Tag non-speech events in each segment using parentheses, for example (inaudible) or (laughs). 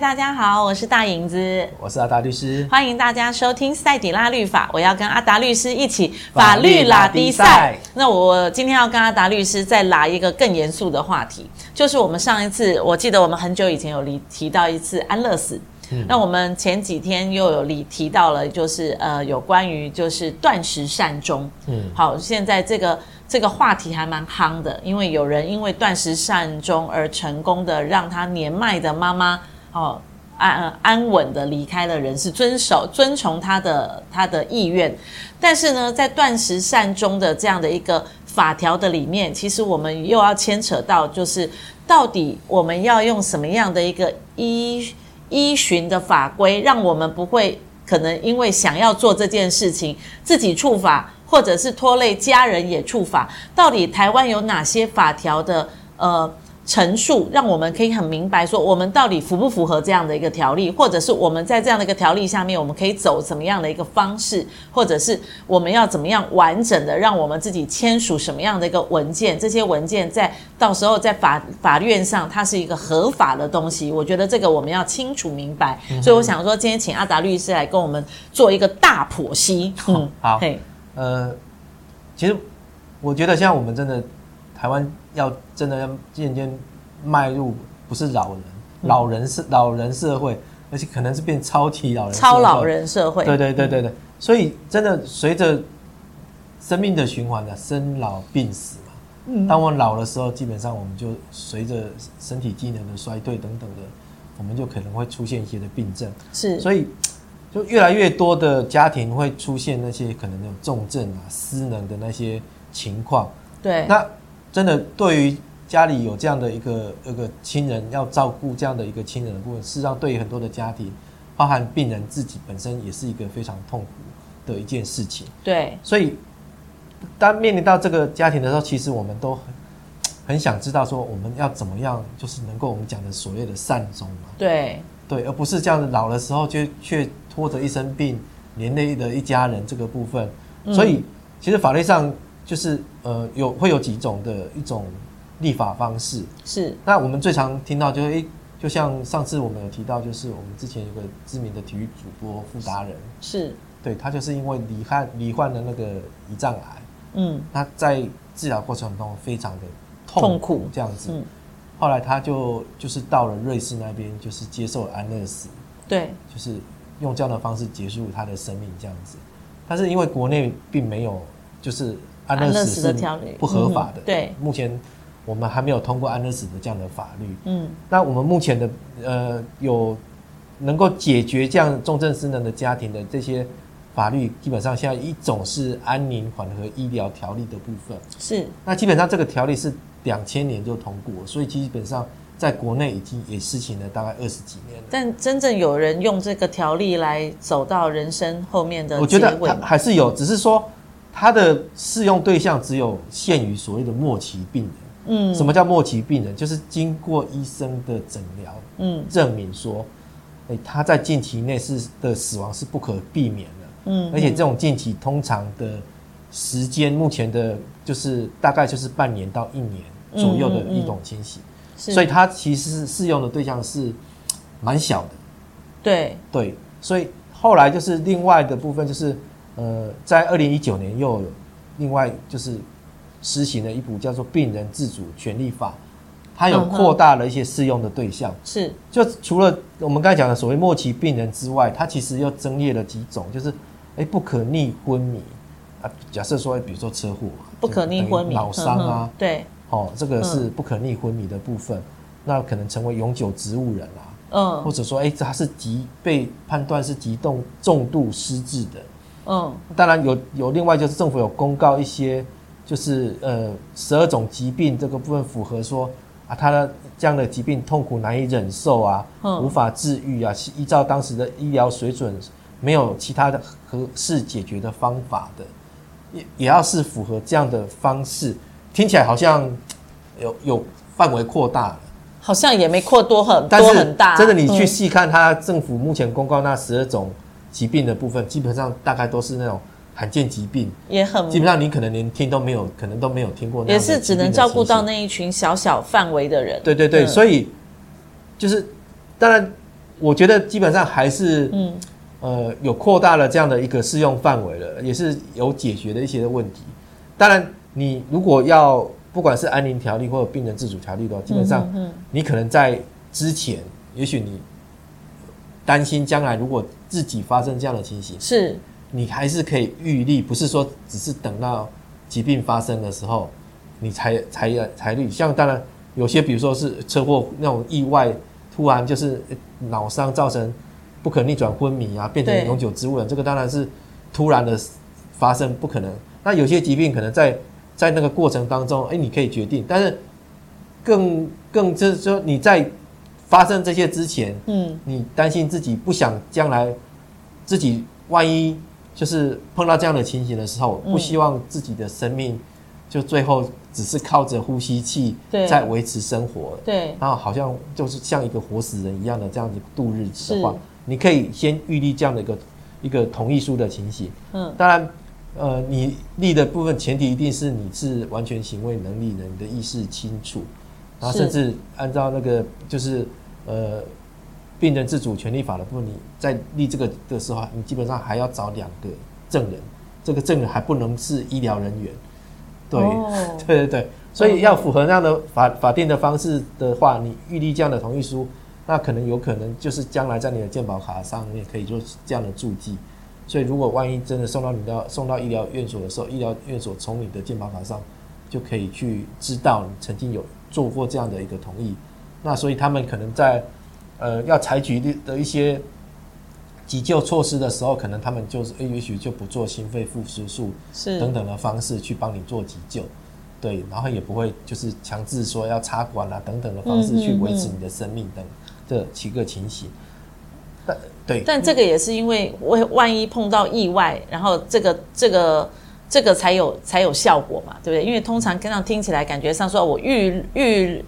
大家好，我是大影子，我是阿達律師，歡迎大家收聽賽底拉律法。我要跟阿達律師一起法律拉低賽。那我今天要跟阿達律師再拉一個更嚴肅的話題，就是我們上一次我記得我們很久以前有提提到一次安樂死，嗯。那我們前幾天又有提到了，就是呃有關於就是斷食善終。嗯，好，現在這個這個話題還蠻夯的，因為有人因為斷食善終而成功的讓他年邁的媽媽。哦，安、嗯、安穩地的離開了人世遵守、遵從他的他的意願。但是呢，在斷食善終的這樣的一個法條的裡面，其實我們又要牽扯到，就是到底我們要用什麼樣的一個依依循的法規，讓我們不會可能因為想要做這件事情自己觸法，或者是拖累家人也觸法。到底台灣有哪些法條的呃？陳述讓我們可以很明白說，我們到底符不符合這樣的一個條例，或者是我們在這樣的一個條例下面，我們可以走什麼樣的一個方式，或者是我們要怎麼樣完整的讓我們自己簽署什麼樣的一個文件？這些文件在到時候在法法院上，它是一個合法的東西。我覺得這個我們要清楚明白。所以我想說，今天請阿達律師來跟我們做一個大剖析嗯。嗯，哦、好，呃，其實我覺得現在我們真的。台灣要真的要漸漸邁入不是老人，嗯、老人是老人社會，而且可能是變超級老人，超老人社會。對對對對對，對、嗯，所以真的隨着生命的循環呢、啊，生老病死嘛。嗯。當我老的時候，基本上我們就隨着身體機能的衰退等等的，我們就可能會出現一些的病症。是。所以就越來越多的家庭會出現那些可能有重症啊、失能的那些情況。對。那。真的，對於家裡有這樣的一個一個親人要照顧這樣的一個親人的部分，事實上對於很多的家庭，包含病人自己本身，也是一個非常痛苦的一件事情。對，所以當面臨到這個家庭的時候，其實我們都很很想知道說，我們要怎麼樣，就是能夠我們講的所謂的善終嘛。對對，而不是這樣子老的時候卻卻拖着一身病，連累的一家人這個部分。所以、嗯、其實法律上。就是呃有會有幾種的一種立法方式是，那我們最常聽到就是誒、欸，就像上次我們有提到，就是我們之前有個知名的體育主播傅達仁，是,對，他就是因為罹患罹患了那個胰臟癌，嗯，他在治療過程中非常的痛苦這樣子，嗯、後來他就就是到了瑞士那邊，就是接受安樂死，對，就是用這樣的方式結束他的生命這樣子，但是因為國內並沒有就是。安樂,安樂死的條例不合法的，對，目前我們還沒有通過安樂死的這樣的法律。嗯，那我們目前的呃，有能夠解決這樣重症失能的家庭的這些法律，基本上現在一種是安寧緩和醫療條例的部分。是，那基本上這個條例是兩千年就通過，所以基本上在國內已經也施行了大概二十幾年了。但真正有人用這個條例來走到人生後面的，我覺得他還是有，只是說。它的適用對象只有限於所謂的末期病人。嗯，什麼叫末期病人？就是經過醫生的診療，嗯，證明說，欸、他在近期內是的死亡是不可避免的。嗯，而且這種近期通常的時間，目前的就是大概就是半年到一年左右的一種情形，嗯嗯嗯。所以它其實適用的對象是蠻小的。對對，所以後來就是另外的部分就是。呃，在二零一九年又有另外就是實行了一部叫做《病人自主權利法》，它有擴大了一些適用的對象，嗯。是，就除了我們剛才講的所謂末期病人之外，它其實又增列了幾種，就是哎不可逆昏迷啊。假設說，比如說車禍，不可逆昏迷、腦傷啊、欸啊嗯，對，哦，這個是不可逆昏迷的部分，那可能成為永久植物人啊，嗯，或者說哎，他、欸、是極被判斷是極重，重度失智的。嗯，當然有有另外就是政府有公告一些，就是呃十二種疾病這個部分符合說啊，他的這樣的疾病痛苦難以忍受啊，嗯、無法治癒啊，依照當時的醫療水準，沒有其他的合適解決的方法的，也也要是符合這樣的方式。聽起來好像有有範圍擴大了，好像也沒擴多很多很大，但是真的你去細看他政府目前公告那十二種。嗯嗯疾病的部分基本上大概都是那種罕見疾病，也很基本上你可能連聽都沒有，可能都沒有聽過。那也是只能照顧到那一群小小範圍的人。對對對，嗯、所以就是當然，我覺得基本上還是嗯呃有擴大了這樣的一個適用範圍了，也是有解決的一些的問題。當然，你如果要不管是安寧條例或者病人自主條例的話，基本上嗯你可能在之前、嗯、哼哼也許你擔心將來如果自己發生這樣的情形，是你還是可以預立，不是說只是等到疾病發生的時候，你才才要才立。像當然有些，比如說是車禍那種意外，突然就是腦傷造成不可逆轉昏迷啊，變成永久植物人，這個當然是突然的發生，不可能。那有些疾病可能在在那個過程當中，哎、欸，你可以決定。但是更更就是說你在。發生這些之前，嗯，你擔心自己不想將來自己萬一就是碰到這樣的情形的時候，嗯，不希望自己的生命就最後只是靠着呼吸器在維持生活。對，對，然後好像就是像一個活死人一樣的這樣子度日子的話，你可以先預立這樣的一個一個同意書的情形。嗯，當然，呃，你立的部分前提一定是你是完全行為能力人的意識清楚。然後甚至按照那個就是呃，病人自主權利法的部分，你在立這個的時候，你基本上還要找兩個證人，這個證人還不能是醫療人員，對，對對對，對，所以要符合那樣的法法定的方式的話，你預立這樣的同意書，那可能有可能就是將來在你的健保卡上面可以做這樣的註記，所以如果萬一真的送到你的送到醫療院所的時候，醫療院所從你的健保卡上就可以去知道你曾經有。做過這樣的一個同意，那所以他們可能在，呃，要採取的的一些急救措施的時候，可能他們就是、欸、也許就不做心肺復甦術等等的方式去幫你做急救，對，然後也不會就是強制說要插管啊等等的方式去維持你的生命等嗯，嗯，嗯，這七個情形但。對，但這個也是因為萬一碰到意外，然後這個這個。這個才有才有效果嘛，對不對？因為通常這樣聽起來感覺上說，我預預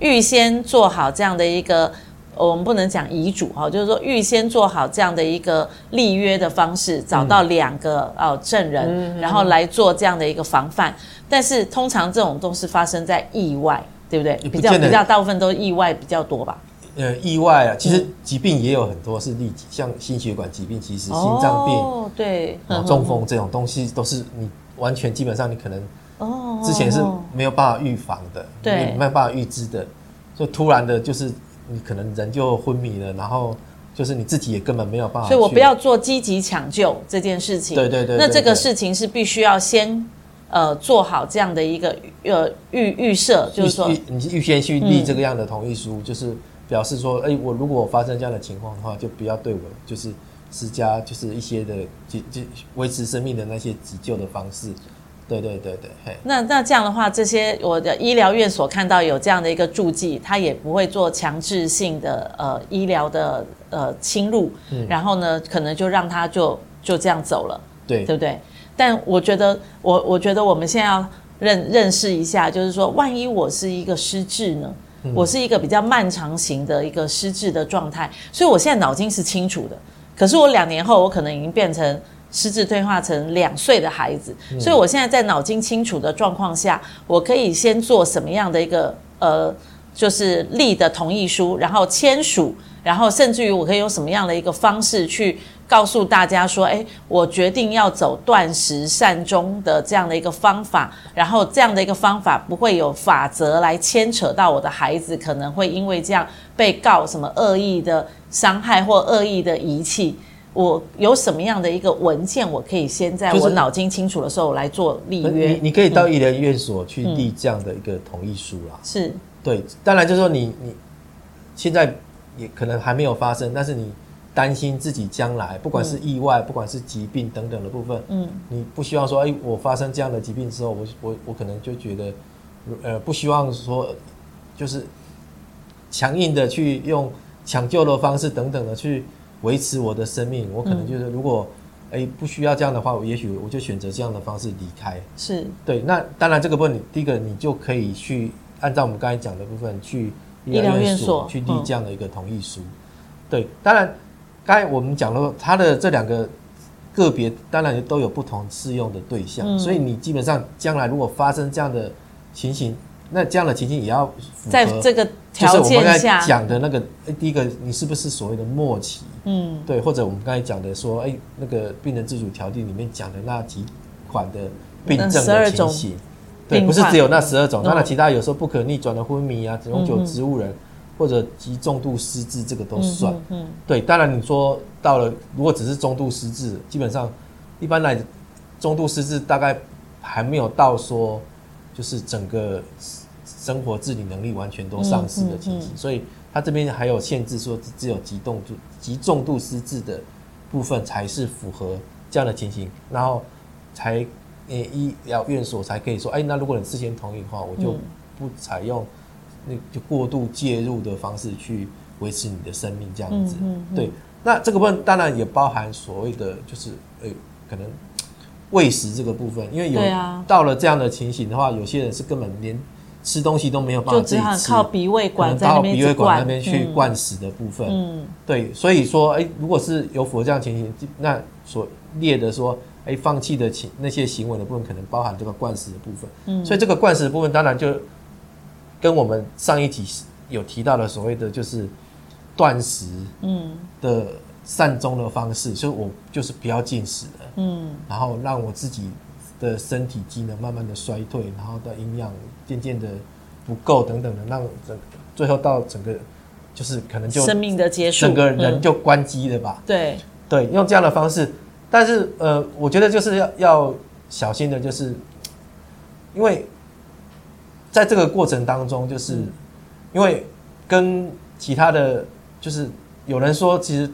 預先做好這樣的一個，我們不能講遺囑哈、哦，就是說預先做好這樣的一個立約的方式，找到兩個哦證人、嗯，然後來做這樣的一個防範、嗯嗯。但是通常這種都是發生在意外，對不對？比較比較大部分都是意外比較多吧。呃，意外啊，其實疾病也有很多、嗯、是例子，像心血管疾病，其實心臟病、哦、對腦中風這種東西，都是你完全基本上你可能哦之前是沒有辦法預防的，對、哦哦哦、沒有辦法預知的，就突然的就是你可能人就昏迷了，然後就是你自己也根本沒有辦法，所以我不要做積極搶救這件事情，對對對,對，那這個事情是必須要先呃做好這樣的一個呃預預設，就是說預你預先去立這個樣的同意書，嗯、就是。表示說，哎、欸，我如果發生這樣的情況的話，就不要對我就是施加就是一些的維維持生命的那些急救的方式。對對對對，那那這樣的話，這些我的醫療院所看到有這樣的一個註記，他也不會做強制性的呃醫療的呃侵入、嗯，然後呢，可能就讓他就就這樣走了，對對不對？但我覺得，我我覺得我們現在要認認識一下，就是說，萬一我是一個失智呢？嗯，我是一個比較漫長型的一個失智的狀態，所以我現在腦筋是清楚的。可是我兩年後，我可能已經變成失智退化成兩歲的孩子。所以我現在在腦筋清楚的狀況下，我可以先做什麼樣的一個呃，就是立的同意書，然後簽署。然後，甚至於我可以用什麼樣的一個方式去告訴大家說：“哎，我決定要走斷食善終的這樣的一個方法。”然後，這樣的一個方法不會有法則來牽扯到我的孩子，可能會因為這樣被告什麼惡意的傷害或惡意的遺棄。我有什麼樣的一個文件，我可以先在我腦筋清楚的時候來做立約，就是你，你可以到醫療院所去立這樣的一個同意書啊？嗯嗯、是對，當然就是說你你現在。也可能還沒有發生，但是你擔心自己將來，不管是意外、嗯，不管是疾病等等的部分，嗯，你不希望說，哎、欸，我發生這樣的疾病之後，我我我可能就覺得，呃，不希望說，就是強硬的去用搶救的方式等等的去維持我的生命，我可能就是如果哎、嗯欸、不需要這樣的話，我也許我就選擇這樣的方式離開。是，對，那當然這個部分，第一個你就可以去按照我們剛才講的部分去。醫療院所，醫療院所、哦、去立這樣的一個同意書，對，當然，剛才我們講了，他的這兩個個別，當然也都有不同適用的對象、嗯，所以你基本上將來如果發生這樣的情形，那這樣的情形也要符合在這個條件下講、就是、的那個、欸、第一個，你是不是所謂的末期？嗯，對，或者我們剛才講的說，哎、欸，那個《病人自主條例》裡面講的那幾款的病症的情形。對，不是只有那十二種，那當然，嗯、其他有時候不可逆轉的昏迷啊，永、嗯、久植物人、嗯，或者極重度失智，這個都算嗯嗯。嗯，對，當然你說到了，如果只是中度失智，基本上，一般來，中度失智大概還沒有到說，就是整個生活自理能力完全都喪失的情形。嗯嗯嗯嗯，所以，他這邊還有限制，說只有極重度、極重度失智的部分才是符合這樣的情形，然後才，你、欸、醫療院所才可以說，欸、那如果你事先同意的話，我就不採用那就過度介入的方式去維持你的生命這樣子、嗯嗯嗯。對，那這個部分當然也包含所謂的就是，欸、可能餵食這個部分，因為有到了這樣的情形的話、啊，有些人是根本連吃東西都沒有辦法自己吃，靠鼻胃管，靠鼻胃管那邊去灌食的部分。嗯，嗯對，所以說，欸、如果是有符合這樣情形，那所列的說。哎，放棄的行那些行為的部分，可能包含這個灌食的部分。嗯，所以這個灌食的部分，當然就，跟我們上一集有提到的所謂的就是斷食，嗯的善終的方式、嗯，所以我就是不要進食了，嗯，然後讓我自己的身體機能慢慢的衰退，然後的營養漸漸的不夠等等的，讓整最後到整個就是可能就生命的結束，整個人就關機了吧？嗯、對對，用這樣的方式。但是，呃，我覺得就是要要小心的，就是因為在這個過程當中，就是因為跟其他的，就是有人說，其實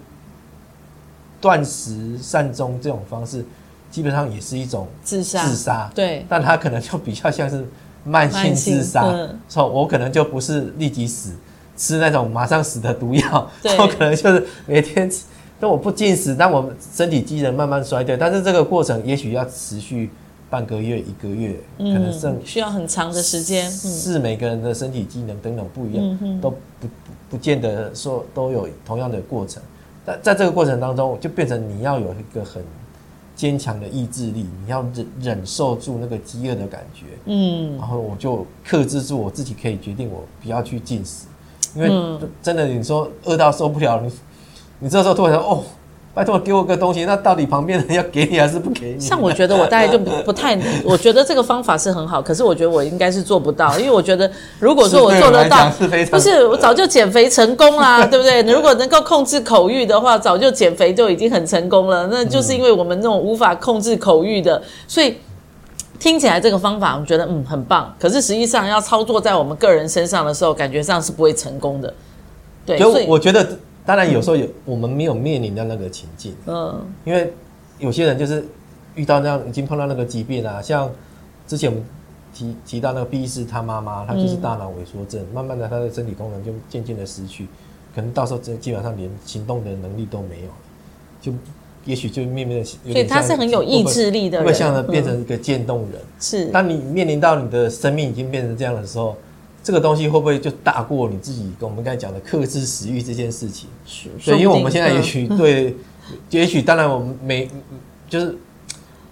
斷食善終這種方式，基本上也是一種自殺，自殺，對，但他可能就比較像是慢性自殺，說，嗯，我可能就不是立即死，吃那種馬上死的毒藥，對，我可能就是每天。但我不進食，但我身體機能慢慢衰退。但是這個過程也許要持續半個月、一個月，嗯、可能剩需要很長的時間、嗯。是每個人的身體機能等等不一樣，嗯、都不不見得說都有同樣的過程。在在這個過程當中，就變成你要有一個很堅強的意志力，你要忍忍受住那個飢餓的感覺。嗯，然後我就克制住我自己，可以決定我不要去進食，因為真的、嗯、你說餓到受不了.你這時候突然想哦，拜託給我個東西。那到底旁邊人要給你還是不給你？像我覺得我大概就不，不太， (laughs) 我覺得這個方法是很好，可是我覺得我應該是做不到，因為我覺得如果說我做得到，不是、就是我早就減肥成功啦、啊， (laughs) 對不對？如果能夠控制口欲的話，早就減肥就已經很成功了。那就是因為我們那種無法控制口欲的、嗯，所以聽起來這個方法，我覺得嗯很棒。可是實際上要操作在我們個人身上的時候，感覺上是不會成功的。對，所以我覺得。當然，有時候有、嗯、我們沒有面臨到那個情境，嗯，因為有些人就是遇到那樣，已經碰到那個疾病啊，像之前我們提提到那個 B 是他媽媽，他就是大腦萎縮症、嗯，慢慢的他的身體功能就漸漸的失去，可能到時候真基本上連行動的能力都沒有了，就也許就面臨的，對，他是很有意志力的人，會不，會會不會像變成一個漸凍人、嗯。是，當你面臨到你的生命已經變成這樣的時候。這個東西會不會就大過你自己？跟我們剛才講的克制食慾這件事情，是，所以因為我們現在也許對，也許當然我們美，就是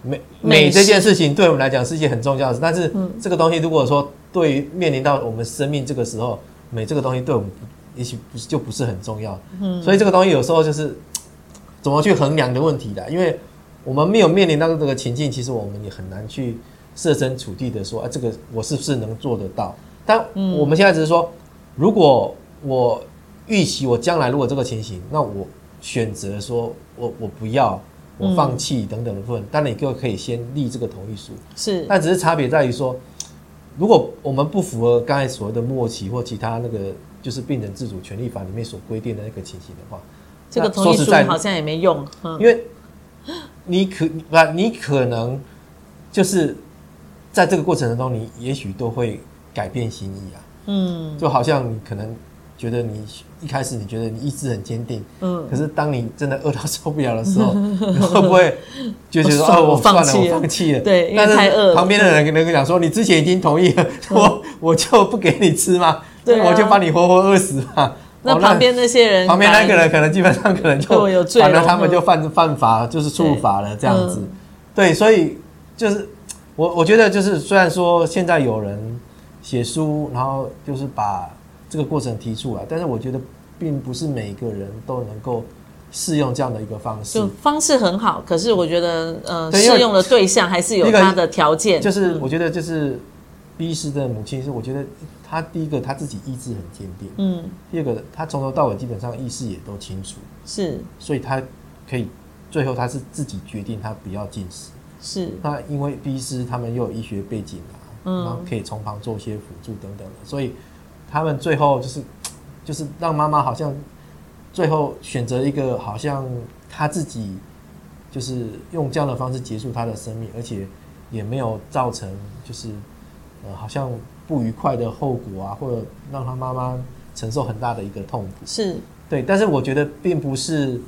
美美這件事情對我們來講是一件很重要的事，但是這個東西如果說對於面臨到我們生命這個時候，美這個東西對我們也許不就不是很重要，嗯，所以這個東西有時候就是怎麼去衡量的問題的，因為我們沒有面臨到這個情境，其實我們也很難去設身處地的說，啊，這個我是不是能做得到？但我們現在只是說，嗯、如果我預期我將來如果這個情形，那我選擇說，我我不要，我放棄等等的部分，但你就可以先立這個同意書。是，但只是差別在於說，如果我們不符合剛才所謂的末期或其他那個，就是病人自主權利法裡面所規定的那個情形的話，這個同意書好像也沒用，因為，你可不，你可能就是在這個過程當中，你也許都會。改變心意啊，嗯，就好像你可能覺得你一開始你覺得你意志很堅定，嗯，可是當你真的餓到受不了的時候，嗯、你會不會就是哦，我、哦、放了，我放棄了，了，對，因為太餓。旁邊的人可能會講說、嗯，你之前已經同意了，我、嗯、我就不給你吃嗎？嗯啊、我就把你活活餓死啊、哦！那旁邊那些人，旁邊那個人可能基本上可能就，反、哦、有罪反正他們就犯犯法、嗯，就是觸法了這樣子、嗯。對，所以就是我我覺得就是雖然說現在有人，寫書，然後就是把這個過程提出來。但是我覺得，並不是每個人都能夠適用這樣的一個方式。就方式很好，可是我覺得，呃，適用的對象還是有他的條件、那個就是嗯。就是我覺得，就是醫師的母親是，我覺得她第一個她自己意志很堅定，嗯，第二個她從頭到尾基本上意識也都清楚，是，所以她可以最後她是自己決定她不要進食，是。那因為醫師他們又有醫學背景啊。然後可以從旁做一些輔助等等，所以他們最後就是就是讓媽媽好像最後選擇一個好像他自己就是用這樣的方式結束他的生命，而且也沒有造成就是呃好像不愉快的後果啊，或者讓他媽媽承受很大的一個痛苦。是，對，但是我覺得並不是。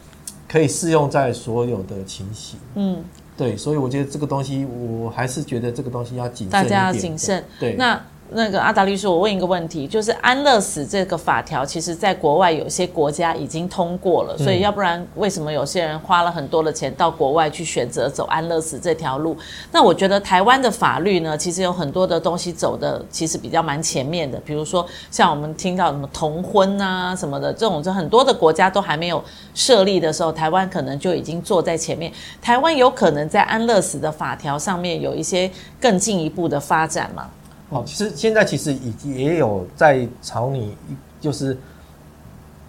可以適用在所有的情形。嗯，對，所以我覺得這個東西，我還是覺得這個東西要謹慎一點。大家要謹慎。對，對，那。那個阿達律師，我問一個問題，就是安樂死這個法條，其實在國外有些國家已經通過了。嗯，所以要不然為什麼有些人花了很多的錢到國外去選擇走安樂死這條路？那我覺得台灣的法律呢，其實有很多的東西走的其實比較蠻前面的，比如說像我們聽到什麼同婚啊什麼的這種，就很多的國家都還沒有設立的時候，台灣可能就已經坐在前面。台灣有可能在安樂死的法條上面有一些更進一步的發展嗎？哦、嗯，其實現在其實已經也有在朝你，就是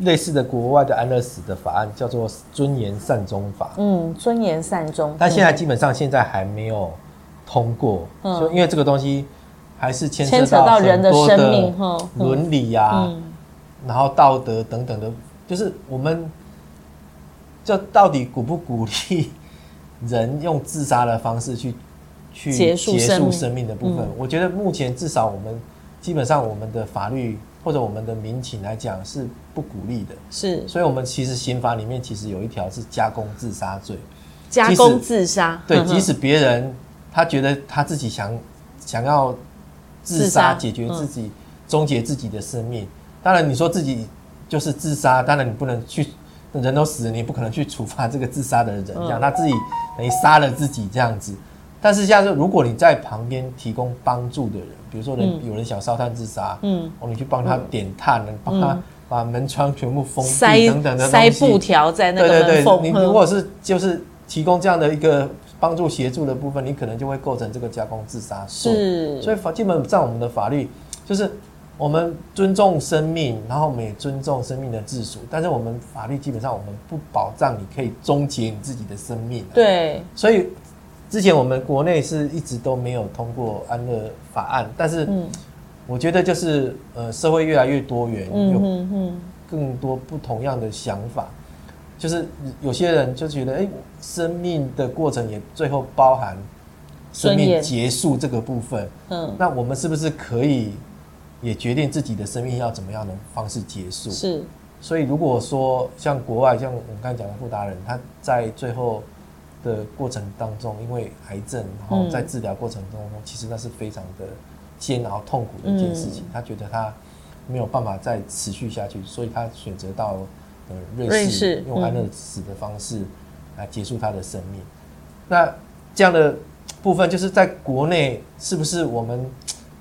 類似的國外的安樂死的法案，叫做尊嚴善終法。嗯，尊嚴善終，但現在基本上現在還沒有通過，嗯，因為這個東西還是牽扯到人的生命、啊、倫理啊，然後道德等等的，就是我們這到底鼓不鼓勵人用自殺的方式去？去結束，結束生命的部分，嗯，我覺得目前至少我們基本上我們的法律或者我們的民情來講是不鼓勵的。是，所以我們其實刑法裡面其實有一條是加工自殺罪。加工自殺，對，即使別人他覺得他自己想想要自殺，解決自己終結自己的生命。當然你說自己就是自殺，當然你不能去人都死了，你不可能去處罰這個自殺的人，讓他自己等於殺了自己這樣子。.但是，像是如果你在旁邊提供幫助的人，比如說人、嗯、有人想燒炭自殺，嗯，我、哦、你去幫他點炭，能、嗯、幫他把門窗全部封閉等等的東西塞，塞布條在那個門，對對對，呵呵。你如果是就是提供這樣的一個幫助協助的部分，你可能就會構成這個加工自殺。是。所以法基本上我們的法律就是我們尊重生命，然後我們也尊重生命的自主，但是我們法律基本上我們不保障你可以終結你自己的生命、啊。對。所以。之前我們國內是一直都沒有通過安樂法案，但是我覺得就是呃社會越來越多元，有更多不同樣的想法，就是有些人就覺得哎、欸，生命的過程也最後包含生命結束這個部分，嗯，那我們是不是可以也決定自己的生命要怎麼樣的方式結束？是，所以如果說像國外，像我們剛才講的布達人，他在最後的過程當中，因為癌症，然後在治療過程中，其實那是非常的煎熬、痛苦的一件事情。他覺得他沒有辦法再持續下去，所以他選擇到瑞士用安樂死的方式來結束他的生命。那這樣的部分，就是在國內，是不是我們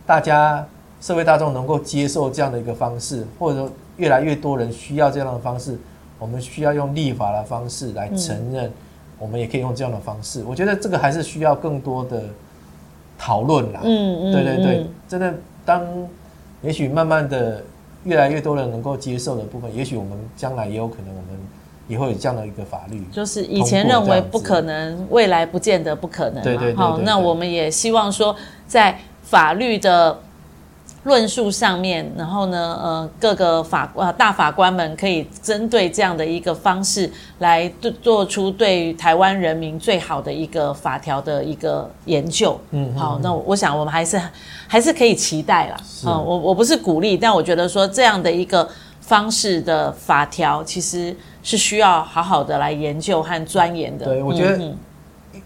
大家社會大眾能夠接受這樣的一個方式，或者說越來越多人需要這樣的方式，我們需要用立法的方式來承認。嗯。我們也可以用這樣的方式，我覺得這個還是需要更多的討論啦，嗯。嗯嗯，對對對，真的，當也許慢慢的，越來越多人能夠接受的部分，也許我們將來也有可能，我們也會有這樣的一個法律。就是以前認為不可能，未來不見得不可能。對對對，對。好、哦，那我們也希望說，在法律的。論述上面，然後呢，呃，各個法官、呃、大法官們可以針對這樣的一個方式來做出對於台灣人民最好的一個法條的一個研究。嗯，好，那我，我想我們還是還是可以期待啦。嗯，我我不是鼓勵，但我覺得說這樣的一個方式的法條其實是需要好好的來研究和鑽研的。對，我覺得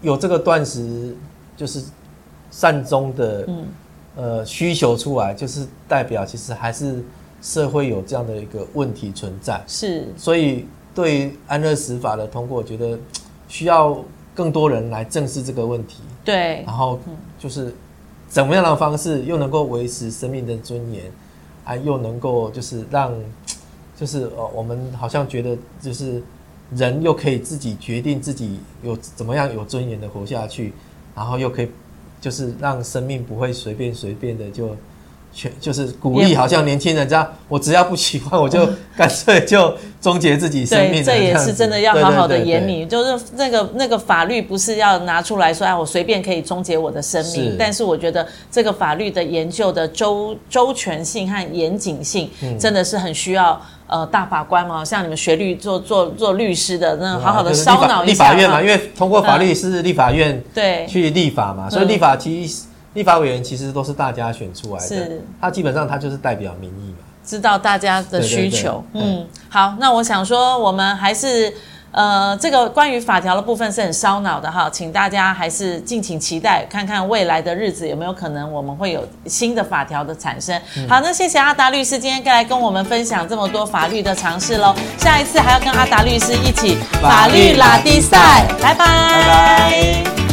有這個斷時就是善終的。嗯。嗯呃，需求出來就是代表，其實還是社會有這樣的一個問題存在。是，所以對於安樂死法的通過，我覺得需要更多人來正視這個問題。對。然後就是怎麼樣的方式又能夠維持生命的尊嚴，還又能夠就是讓，就是我們好像覺得就是人又可以自己決定自己有怎麼樣有尊嚴的活下去，然後又可以。就是讓生命不會隨便隨便的就，全就是鼓勵，好像年輕人這樣，我只要不喜歡，我就乾脆就終結自己生命。這對對對對對對。這也是真的要好好的研擬，就是那個那個法律不是要拿出來說，哎、啊，我隨便可以終結我的生命。但是我覺得這個法律的研究的周周全性和嚴謹性，真的是很需要。呃，大法官嘛，像你們學律做、做做做律師的，那個、好好的燒腦、啊、是立法、立法院嘛、啊，因為通過法律是立法院對去立法嘛、嗯，所以立法其實、嗯、立法委員其實都是大家選出來的，是他基本上他就是代表民意嘛，知道大家的需求。對對對嗯，嗯，嗯，好，那我想說，我們還是。呃，這個關於法條的部分是很燒腦的哈，請大家還是敬請期待，看看未來的日子有沒有可能我們會有新的法條的產生。嗯、好，那謝謝阿達律師今天過來跟我們分享這麼多法律的常識嘍，下一次還要跟阿達律師一起法律，法律拉力賽，賽，拜拜。拜拜。